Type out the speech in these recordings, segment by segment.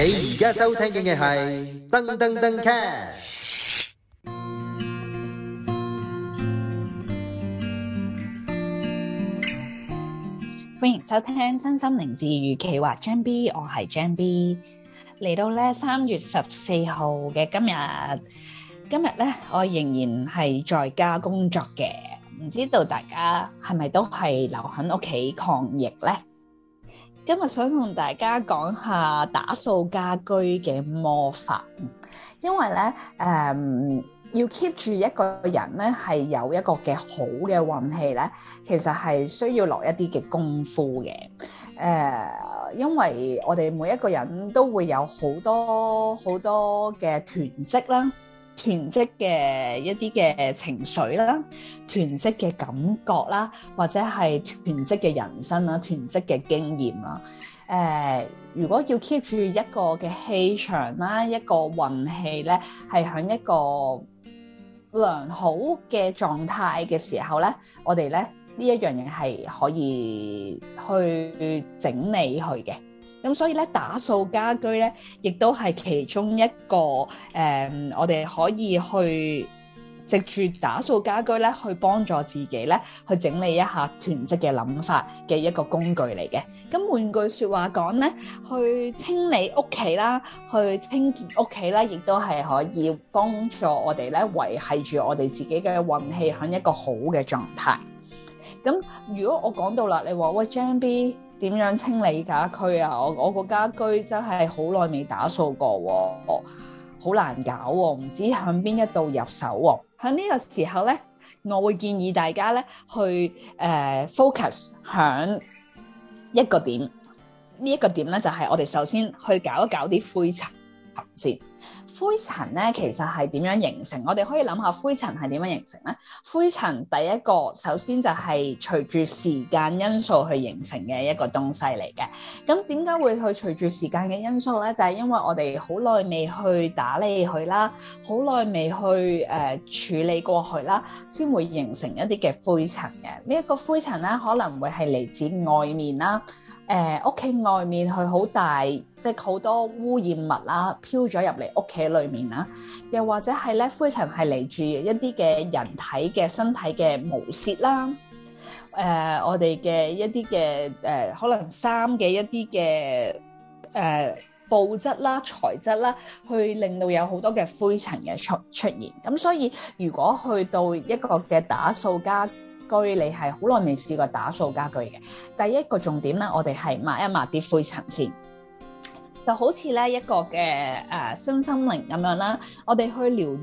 你而家收聽嘅係噔噔噔 cast，歡迎收聽《身心靈治愈企劃》Jam B，我係 Jam B，嚟到咧三月十四號嘅今日，今日咧我仍然係在家工作嘅，唔知道大家係咪都係留喺屋企抗疫咧？今日想同大家講下打掃家居嘅魔法，因為咧誒、呃，要 keep 住一個人咧係有一個嘅好嘅運氣咧，其實係需要落一啲嘅功夫嘅。誒、呃，因為我哋每一個人都會有好多好多嘅囤積啦。囤積嘅一啲嘅情緒啦，囤積嘅感覺啦，或者係囤積嘅人生啦，囤積嘅經驗啦。誒、呃，如果要 keep 住一個嘅氣場啦，一個運氣咧，係響一個良好嘅狀態嘅時候咧，我哋咧呢一樣嘢係可以去整理佢嘅。咁所以咧，打掃家居咧，亦都係其中一個誒，我哋可以去藉住打掃家居咧，去幫助自己咧，去整理一下囤積嘅諗法嘅一個工具嚟嘅。咁換句説話講咧，去清理屋企啦，去清潔屋企啦，亦都係可以幫助我哋咧，維係住我哋自己嘅運氣喺一個好嘅狀態。咁如果我講到啦，你話喂張 B。點樣清理家居啊？我我個家居真係好耐未打掃過喎、啊，好難搞喎、啊，唔知向邊一度入手喎、啊。喺呢個時候咧，我會建議大家咧去誒、uh, focus 響一個點，呢一個點咧就係、是、我哋首先去搞一搞啲灰塵先。灰塵咧，其實係點樣形成？我哋可以諗下灰塵係點樣形成咧。灰塵第一個，首先就係隨住時間因素去形成嘅一個東西嚟嘅。咁點解會去隨住時間嘅因素咧？就係、是、因為我哋好耐未去打理佢啦，好耐未去誒、呃、處理過去啦，先會形成一啲嘅灰塵嘅。呢、這、一個灰塵咧，可能會係嚟自外面啦。誒屋企外面佢好大，即係好多污染物啦、啊，飄咗入嚟屋企裏面啦。又或者係咧，灰塵係嚟自一啲嘅人體嘅身體嘅毛屑啦。誒、呃，我哋嘅一啲嘅誒可能衫嘅一啲嘅誒布質啦、材質啦，去令到有好多嘅灰塵嘅出出現。咁所以，如果去到一個嘅打掃家居你係好耐未試過打掃家具嘅，第一個重點咧，我哋係抹一抹啲灰塵先，就好似咧一個嘅誒傷心靈咁樣啦，我哋去療，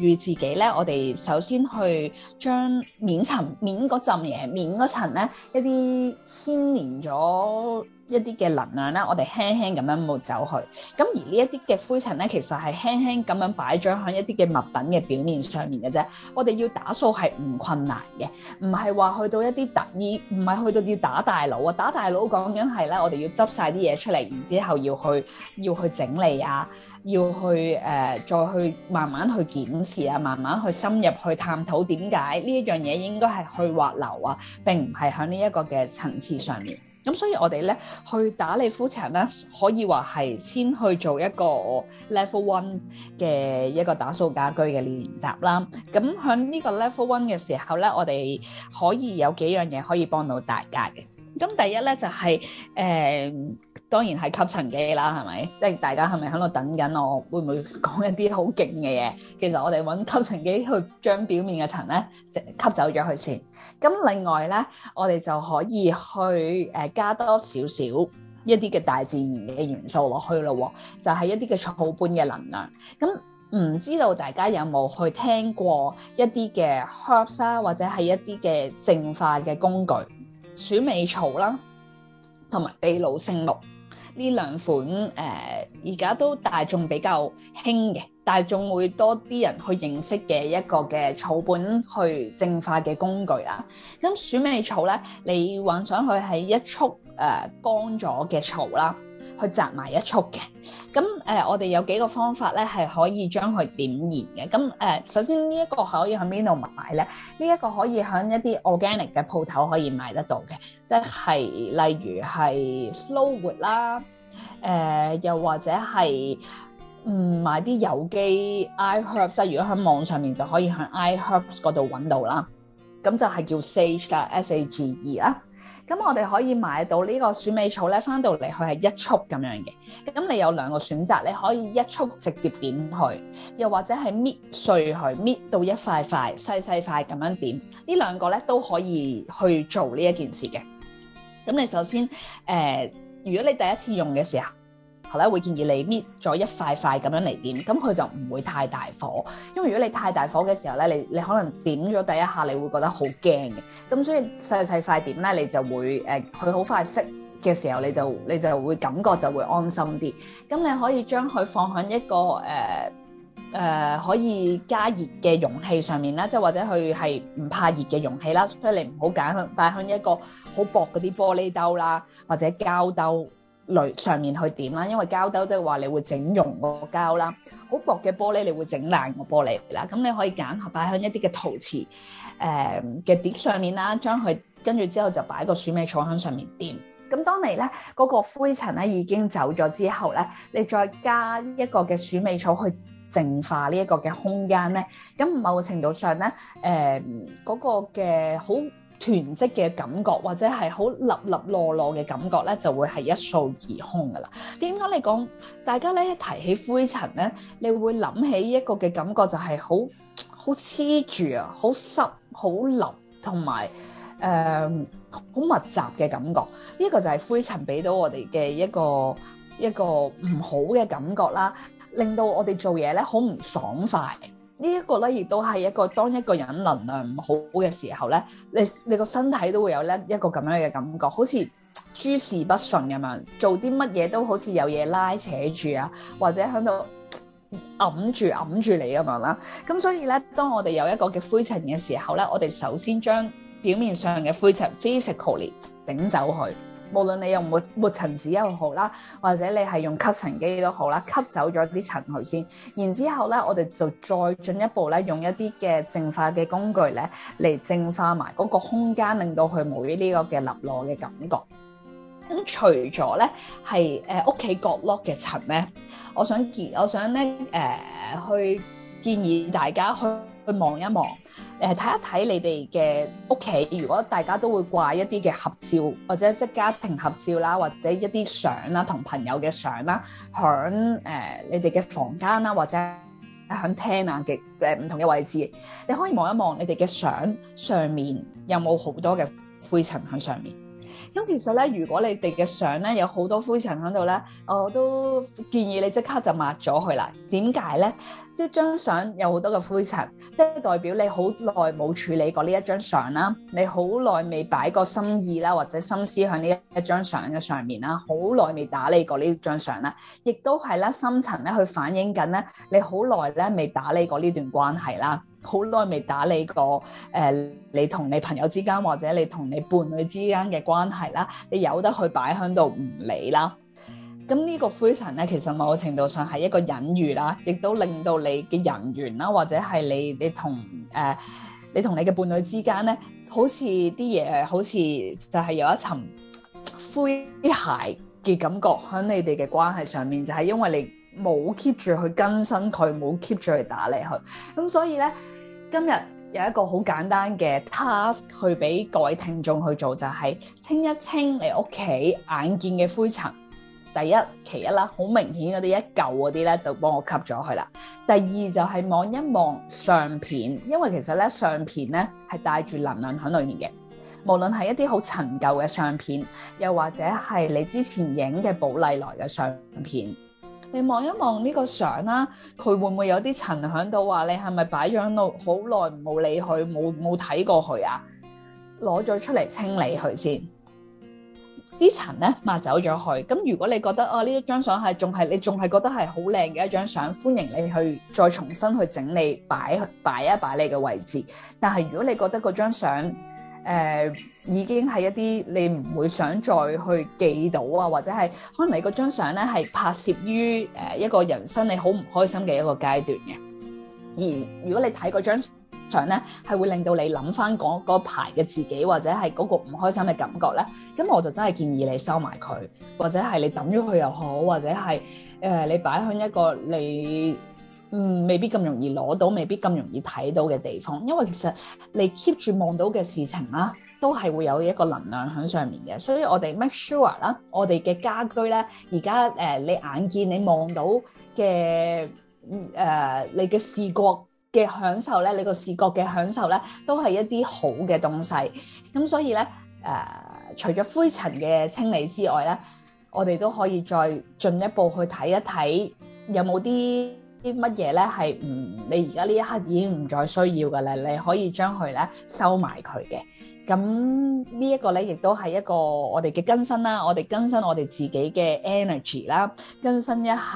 與自己咧，我哋首先去將面層、面嗰陣嘢、面嗰層咧一啲牽連咗一啲嘅能量咧，我哋輕輕咁樣抹走去。咁而呢一啲嘅灰塵咧，其實係輕輕咁樣擺咗喺一啲嘅物品嘅表面上面嘅啫。我哋要打掃係唔困難嘅，唔係話去到一啲特意，唔係去到要打大佬。啊！打大佬講緊係咧，我哋要執晒啲嘢出嚟，然之後要去要去整理啊。要去誒、呃，再去慢慢去檢視啊，慢慢去深入去探討點解呢一樣嘢應該係去滑流啊，並唔係喺呢一個嘅層次上面。咁所以我哋咧去打理膚層咧，可以話係先去做一個 level one 嘅一個打掃家居嘅練習啦。咁喺呢個 level one 嘅時候咧，我哋可以有幾樣嘢可以幫到大家嘅。咁第一咧就係、是、誒。呃當然係吸塵機啦，係咪？即係大家係咪喺度等緊我會唔會講一啲好勁嘅嘢？其實我哋搵吸塵機去將表面嘅塵咧吸走咗佢先。咁另外咧，我哋就可以去誒加多少少一啲嘅大自然嘅元素落去咯。就係、是、一啲嘅草本嘅能量。咁唔知道大家有冇去聽過一啲嘅 herbs 啦、啊，或者係一啲嘅淨化嘅工具，鼠尾草啦，同埋秘魯聖露。呢兩款誒，而、呃、家都大眾比較興嘅，大眾會多啲人去認識嘅一個嘅草本去淨化嘅工具啦。咁鼠尾草咧，你幻想佢係一束誒乾咗嘅草啦。啊佢摘埋一束嘅，咁誒、呃、我哋有幾個方法咧，係可以將佢點燃嘅。咁誒、呃，首先呢一個係可以喺邊度買咧？呢一個可以喺、這個、一啲 organic 嘅鋪頭可以買得到嘅，即係例如係 slow wood 啦，誒、呃、又或者係嗯買啲有機 i herbs。如果喺網上面就可以喺 i herbs 嗰度揾到啦。咁就係叫 sage 啦，s a g e 啦。S a g 咁我哋可以買到呢個鼠尾草咧，翻到嚟佢係一束咁樣嘅。咁你有兩個選擇，你可以一束直接點佢，又或者係搣碎佢，搣到一塊塊細細塊咁樣點。兩呢兩個咧都可以去做呢一件事嘅。咁你首先誒、呃，如果你第一次用嘅時候。後咧會建議你搣咗一塊塊咁樣嚟點，咁佢就唔會太大火。因為如果你太大火嘅時候咧，你你可能點咗第一下，你會覺得好驚嘅。咁所以細細塊點咧，你就會誒，佢好快熄嘅時候，你就你就會感覺就會安心啲。咁你可以將佢放喺一個誒誒、呃呃、可以加熱嘅容器上面啦，即係或者佢係唔怕熱嘅容器啦。所以你唔好揀擺喺一個好薄嗰啲玻璃兜啦，或者膠兜。雷上面去點啦，因為膠兜都係話你會整溶個膠啦，好薄嘅玻璃你會整爛個玻璃啦，咁你可以揀合擺響一啲嘅陶瓷誒嘅碟上面啦，將佢跟住之後就擺個鼠尾草響上面點，咁當你咧嗰個灰塵咧已經走咗之後咧，你再加一個嘅鼠尾草去淨化呢一個嘅空間咧，咁某程度上咧誒嗰個嘅好。囤積嘅感覺，或者係好立立落落嘅感覺咧，就會係一掃而空噶啦。點解你講大家咧提起灰塵咧，你會諗起一個嘅感覺就係好好黐住啊，好濕、好腍同埋誒好密集嘅感覺。呢一個就係灰塵俾到我哋嘅一個一個唔好嘅感覺啦，令到我哋做嘢咧好唔爽快。呢一個咧，亦都係一個當一個人能量唔好嘅時候咧，你你個身體都會有咧一個咁樣嘅感覺，好似諸事不順咁樣，做啲乜嘢都好似有嘢拉扯住啊，或者喺度揞住揞住你咁樣啦。咁所以咧，當我哋有一個嘅灰塵嘅時候咧，我哋首先將表面上嘅灰塵 physically 頂走去。無論你用抹抹塵紙又好啦，或者你係用吸塵機都好啦，吸走咗啲塵去先，然之後咧，我哋就再進一步咧，用一啲嘅淨化嘅工具咧，嚟淨化埋嗰個空間，令到佢冇呢個嘅立落嘅感覺。咁、嗯、除咗咧，係誒屋企角落嘅塵咧，我想建，我想咧誒、呃、去建議大家去去望一望。誒睇一睇你哋嘅屋企，如果大家都會掛一啲嘅合照，或者即家庭合照啦，或者一啲相啦，同朋友嘅相啦，響誒、呃、你哋嘅房間啦，或者響廳啊嘅誒唔同嘅位置，你可以望一望你哋嘅相上面有冇好多嘅灰塵喺上面。咁其實咧，如果你哋嘅相咧有好多灰塵喺度咧，我都建議你即刻就抹咗佢啦。點解咧？呢張相有好多嘅灰塵，即係代表你好耐冇處理過呢一張相啦，你好耐未擺過心意啦，或者心思喺呢一張相嘅上面啦，好耐未打理過呢張相啦，亦都係啦，深層咧去反映緊咧，你好耐咧未打理過呢段關係啦，好耐未打理過誒、呃、你同你朋友之間或者你同你伴侶之間嘅關係啦，你由得佢去擺喺度唔理啦。咁呢個灰塵咧，其實某程度上係一個隱喻啦，亦都令到你嘅人緣啦，或者係你你同誒、呃、你同你嘅伴侶之間咧，好似啲嘢，好似就係有一層灰鞋嘅感覺喺你哋嘅關係上面，就係、是、因為你冇 keep 住去更新佢，冇 keep 住去打理佢。咁所以咧，今日有一個好簡單嘅 task 去俾各位聽眾去做，就係、是、清一清你屋企眼見嘅灰塵。第一其一啦，好明顯嗰啲一嚿嗰啲咧就幫我吸咗佢啦。第二就係望一望相片，因為其實咧相片咧係帶住能量喺裏面嘅，無論係一啲好陳舊嘅相片，又或者係你之前影嘅寶麗來嘅相片，你望一望呢個相啦，佢會唔會有啲塵喺度？話你係咪擺咗喺度好耐冇理佢，冇冇睇過佢啊？攞咗出嚟清理佢先。啲塵咧抹走咗去，咁如果你覺得哦呢一張相係仲係你仲係覺得係好靚嘅一張相，歡迎你去再重新去整理擺擺一擺你嘅位置。但係如果你覺得嗰張相誒已經係一啲你唔會想再去記到啊，或者係可能你嗰張相咧係拍攝於誒一個人生你好唔開心嘅一個階段嘅。而如果你睇嗰張，常咧，係會令到你諗翻嗰排嘅自己，或者係嗰個唔開心嘅感覺咧。咁我就真係建議你收埋佢，或者係你抌咗佢又好，或者係誒、呃、你擺喺一個你嗯未必咁容易攞到，未必咁容易睇到嘅地方。因為其實你 keep 住望到嘅事情啦、啊，都係會有一個能量喺上面嘅。所以我哋 make sure 啦，我哋嘅家居咧，而家誒你眼見你望到嘅誒、呃、你嘅視覺嘅享受咧，你個視覺嘅享受咧，都係一啲好嘅東西。咁所以咧，誒、呃，除咗灰塵嘅清理之外咧，我哋都可以再進一步去睇一睇，有冇啲啲乜嘢咧係唔，你而家呢一刻已經唔再需要㗎喇，你可以將佢咧收埋佢嘅。咁、這個、呢一個咧，亦都係一個我哋嘅更新啦，我哋更新我哋自己嘅 energy 啦，更新一下誒、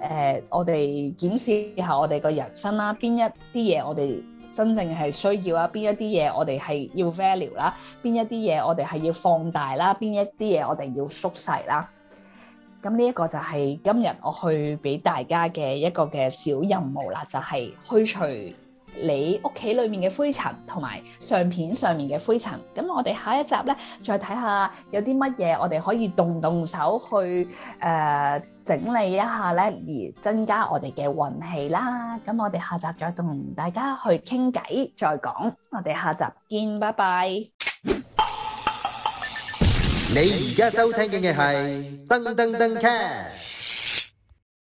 呃，我哋檢視下我哋個人生啦，邊一啲嘢我哋真正係需要啊，邊一啲嘢我哋係要 value 啦，邊一啲嘢我哋係要放大啦，邊一啲嘢我哋要縮細啦。咁呢一個就係今日我去俾大家嘅一個嘅小任務啦，就係、是、去除。你屋企裏面嘅灰塵同埋相片上面嘅灰塵，咁我哋下一集呢，再睇下有啲乜嘢我哋可以動動手去誒、呃、整理一下呢，而增加我哋嘅運氣啦。咁我哋下集再同大家去傾偈再講，我哋下集見，拜拜。你而家收聽嘅係噔噔噔 c